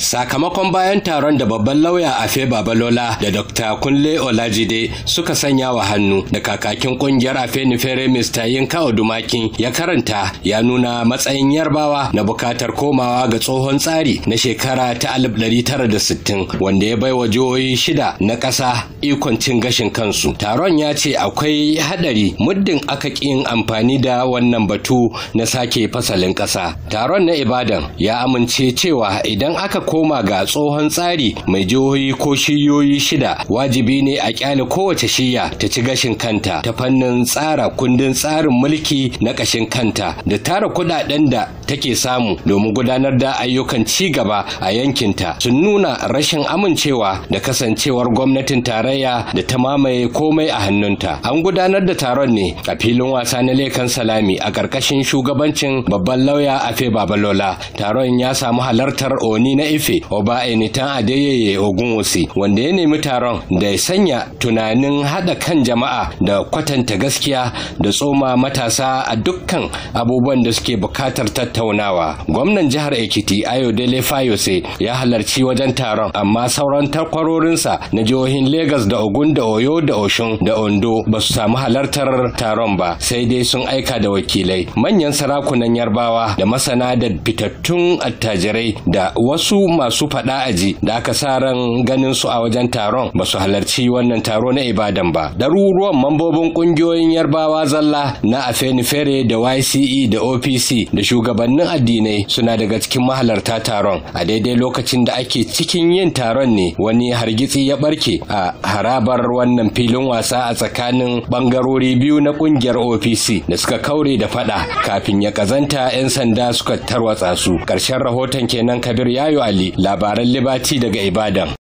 Sakamakon bayan taron da babban lauya Afe Babalola da Dr. Kunle Olajide suka sanya wa hannu da kakakin kungiyar Afe Nifere Mr. Yinka Odumakin ya karanta ya nuna matsayin yarbawa na bukatar komawa ga tsohon tsari na shekara ta 1960 wanda ya baiwa jihohi shida na ƙasa ikon cin gashin kansu. Taron ya ce akwai hadari muddin aka ƙin amfani da wannan batu na sake fasalin ƙasa. Taron na Ibadan ya amince cewa idan aka koma ga tsohon tsari mai jihohi ko shiyoyi shida wajibi ne a kyale kowace shiya ta ci gashin kanta ta fannin tsara kundin tsarin mulki na kashin kanta da tara kudaden da take samu domin gudanar da ayyukan ci gaba a yankinta sun nuna rashin amincewa da kasancewar gwamnatin tarayya da ta mamaye komai a hannunta an gudanar da taron ne a filin wasa na lekan salami a karkashin shugabancin babban lauya afe babalola taron ya samu halartar oni na efe oba enitan adeyeye wasi wanda ya nemi taron da ya sanya tunanin haɗa kan jama'a da kwatanta gaskiya da tsoma matasa a dukkan abubuwan da suke bukatar tattaunawa gwamnan jihar ekiti ayodele fayose ya halarci wajen taron amma sauran takwarorinsa na jihohin Legas da ogun da oyo da oshun da ondo ba su samu halartar taron ba sai dai sun aika da wakilai manyan sarakunan yarbawa da masana da fitattun attajirai da wasu masu faɗa aji da aka sa ran ganin su a wajen taron ba su halarci wannan taro na ibadan ba daruruwan mambobin ƙungiyoyin yarbawa zalla na afenifere da yce da opc da shugabannin addinai suna daga cikin mahalarta taron a daidai lokacin da ake cikin yin taron ne wani hargitsi ya barke a harabar wannan filin wasa a tsakanin bangarori biyu na ƙungiyar opc da suka kaure da fada kafin ya kazanta 'yan sanda suka tarwatsa su ƙarshen rahoton kenan kabir yayo ali Ali labaran Liberty daga Ibadan.